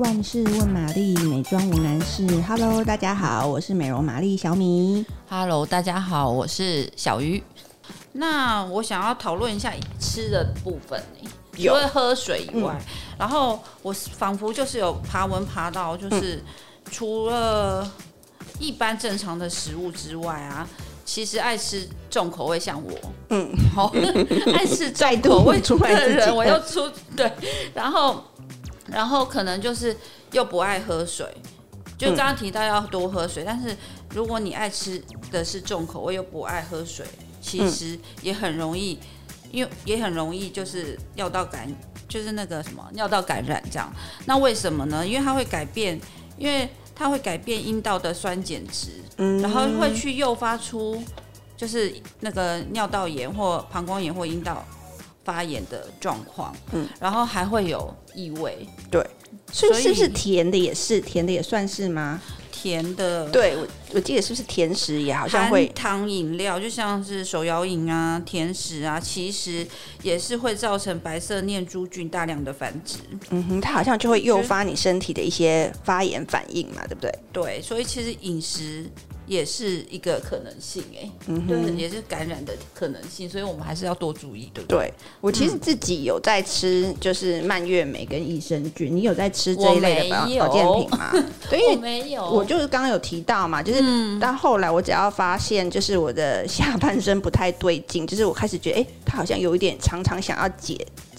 萬事問瑪麗，美妝無難事。Hello，大家好，我是美容瑪麗小米。Hello，大家好，我是小魚。那我想要討論一下吃的部分，比除了喝水以外，嗯、然後我仿佛就是有爬文爬到，就是、嗯、除了一般正常的食物之外啊，其實愛吃重口味，像我，嗯，愛吃後 重再出來的人，我要出對，然後。然後可能就是又不愛喝水，就剛剛提到要多喝水，但是如果你愛吃的是重口味，我又不愛喝水，其實也很容易，因為也很容易就是尿道感，就是那個什麼尿道感染這樣。那為什麼呢？因為它會改變，因為它會改變陰道的酸鹼值，然後會去誘發出就是那個尿道炎或膀胱炎或陰道。發炎的狀況，嗯，然後還會有異味，對，所以是不是甜的，也是甜的也算是嗎？甜的，對，我我記得是不是甜食也好像會含糖飲料，就像是手搖飲啊、甜食啊，其實也是會造成白色念珠菌大量的繁殖。嗯哼，它好像就會誘發你身體的一些發炎反應嘛，對不對？對，所以其實飲食。也是一個可能性，哎、嗯哼，對，也是感染的可能性，所以我們還是要多注意，對不對？對，我其實自己有在吃，就是蔓越莓跟益生菌，嗯、你有在吃這一類的保健品嗎？我沒有，我就是剛剛有提到嘛，就是到後來我只要發現，就是我的下半身不太對勁，就是我開始覺得，哎、欸，他好像有一點常常想要解。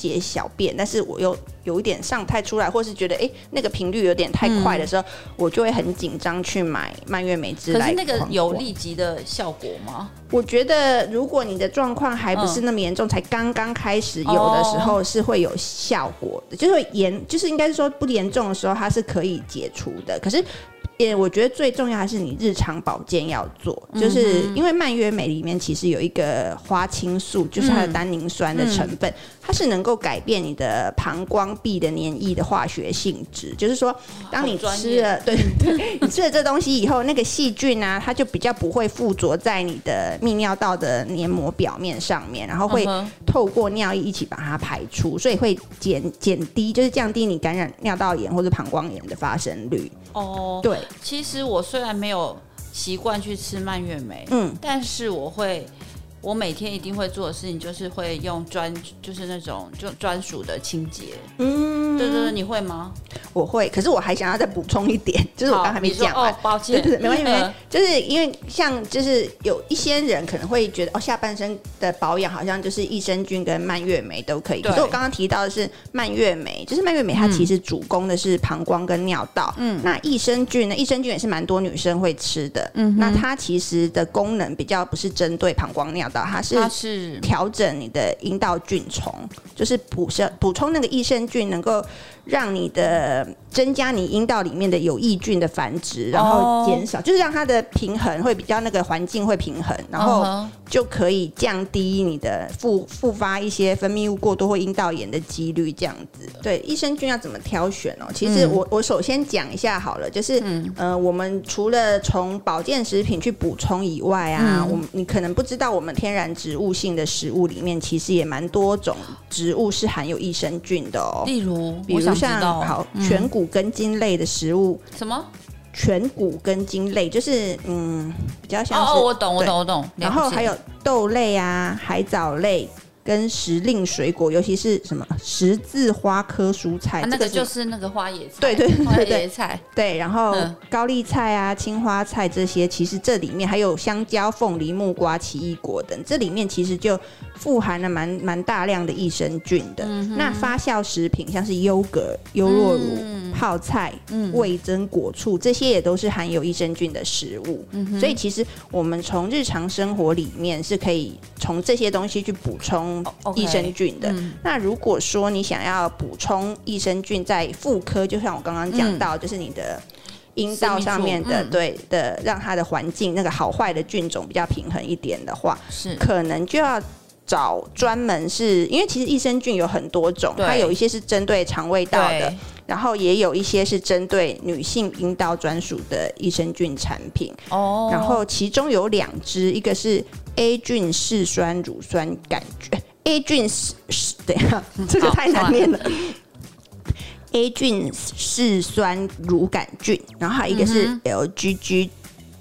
解小便，但是我又有，有一點上不太出來，或是覺得哎、欸、那個頻率有點太快的時候，嗯、我就會很緊張去買蔓越莓汁來。可是那個有立即的效果嗎？我覺得如果你的狀況還不是那麼嚴重，嗯、才剛剛開始，有的時候是會有效果的，哦、就是嚴，就是應該是說不嚴重的時候它是可以解除的，可是。也我覺得最重要還是你日常保健要做，就是因為蔓越莓裡面其實有一個花青素，就是它的單寧酸的成分，它是能夠改變你的膀胱壁、的粘液的化學性質，就是說當你吃了，對，對，對，你吃了這東西以後，那個細菌啊，它就比較不會附着在你的泌尿道的黏膜表面上面，然後會。透過尿液一起把它排出，所以會減減低，就是降低你感染尿道炎或者膀胱炎的發生率。哦，對，其實我雖然沒有習慣去吃蔓越莓，嗯，但是我會，我每天一定會做的事情就是會用專，就是那種就專屬的清潔，嗯。就是你會嗎？我會，可是我還想要再補充一點，就是我剛才沒講完，哦、抱歉對對對，沒關係，Yeah. 沒關係就是因為像就是有一些人可能會覺得，哦，下半身的保養好像就是益生菌跟蔓越莓都可以。對可是我剛剛提到的是蔓越莓，就是蔓越莓它其實主攻的是膀胱跟尿道。嗯，那益生菌呢？益生菌也是蠻多女生會吃的。嗯哼，那它其實的功能比較不是針對膀胱尿道，它是調整你的陰道菌叢，就是補充補充那個益生菌能夠。讓你的增加你陰道裡面的有益菌的繁殖，然後減少，oh. 就是讓它的平衡會比較那個環境會平衡，然後就可以降低你的復復發一些分泌物過多或陰道炎的幾率，這樣子。對，益生菌要怎麼挑選哦、喔？其實我、嗯、我首先講一下好了，就是嗯、呃，我們除了從保健食品去補充以外啊，嗯、我們你可能不知道，我們天然植物性的食物裡面其實也蠻多種植物是含有益生菌的哦、喔，例如。比如像我想、哦、好，嗯、全穀根莖類的食物，什麼全穀根莖類？就是嗯，比較像是哦，我懂我懂我懂，然後還有豆類啊，海藻類。跟時令水果，尤其是什麼十字花科蔬菜、啊啊，那個就是那個花椰菜，對，對對對對，花椰菜對，然後高麗菜啊、青花菜這些，其實這裡面還有香蕉、鳳梨、木瓜、奇異果等，這裡面其實就富含了蠻蠻大量的益生菌的。嗯、哼那發酵食品像是優格、優酪乳、嗯、泡菜、味噌、果醋，嗯、這些也都是含有益生菌的食物。嗯、哼所以其實我們從日常生活裡面是可以從這些東西去補充。Okay, 益生菌的，嗯、那如果說你想要補充益生菌，在婦科，就像我剛剛講到，嗯、就是你的陰道上面的，是對、嗯、的，讓它的環境那個好壞的菌種比較平衡一點的話，是可能就要。找專門是因為其實益生菌有很多種，它有一些是針對腸胃道的，然後也有一些是針對女性陰道專屬的益生菌產品。哦，然後其中有兩支，一個是 A 菌嗜酸乳酸桿菌，A 菌是，對啊，這個太難念了。A 菌嗜酸乳桿菌，然後還有一個是 LGG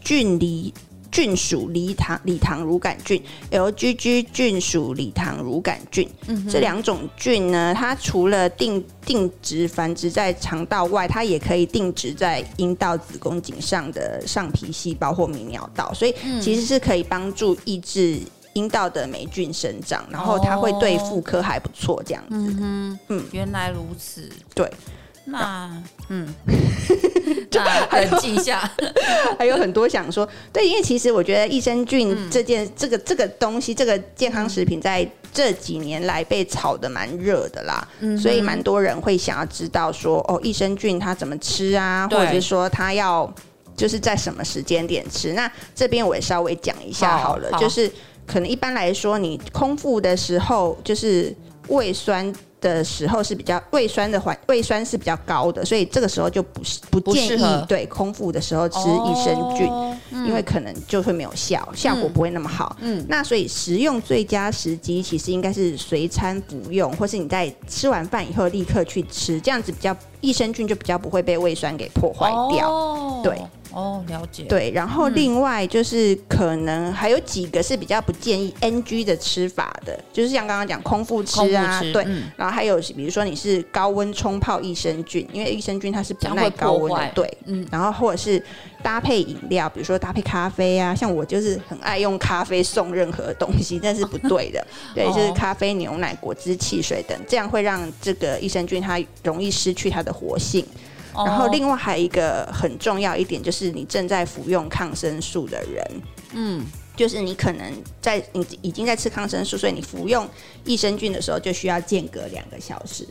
菌離。菌屬梨糖梨糖乳桿菌，LGG 菌屬梨糖乳桿菌，嗯、哼這兩種菌呢，它除了定定植繁殖在腸道外，它也可以定植在陰道子宮頸上的上皮細胞或泌尿道，所以其實是可以幫助抑制陰道的霉菌生長，然後它會對婦科還不錯，這樣子。哦、嗯,嗯，原來如此。對，那嗯。 很記下還，還有很多想說。對，因為其實我覺得益生菌這件、嗯、這個、這個東西、這個健康食品，在這幾年來被炒得蠻熱的啦，嗯、哼所以蠻多人會想要知道說，哦，益生菌它怎麼吃啊，對或者說它要就是在什麼時間點吃。那這邊我也稍微講一下好了，好好就是可能一般來說，你空腹的時候就是。胃酸的時候是比較胃酸的環，胃酸是比較高的，所以這個時候就不是不建議不適對空腹的時候吃益生菌，哦、因為可能就會沒有效，效果不會那麼好。嗯，那所以食用最佳時機其實應該是隨餐服用，或是你在吃完飯以後立刻去吃，這樣子比較益生菌就比較不會被胃酸給破壞掉。哦、對。哦，oh, 了解。對，然後另外就是可能還有幾個是比較不建議 NG 的吃法的，就是像剛剛講空腹吃啊，吃對。嗯，然後還有比如說你是高溫沖泡益生菌，因為益生菌它是不耐高溫的，對，對。嗯。然後或者是搭配飲料，比如說搭配咖啡啊，像我就是很愛用咖啡送任何東西，但是不對的。 對，就是咖啡、牛奶、果汁、汽水等，這樣會讓這個益生菌它容易失去它的活性。然後，另外還有一個很重要一點，就是你正在服用抗生素的人，嗯，就是你可能在你已經在吃抗生素，所以你服用益生菌的時候就需要間隔兩個小時，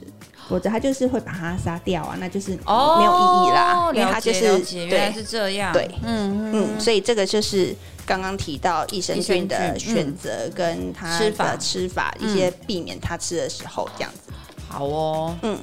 否則他就是會把它殺掉啊，那就是哦，沒有意義啦，因為它就是對，原來是這樣，對，嗯嗯，所以這個就是剛剛提到益生菌的選擇跟它吃法，吃法一些避免它吃的時候這樣子，好哦，嗯。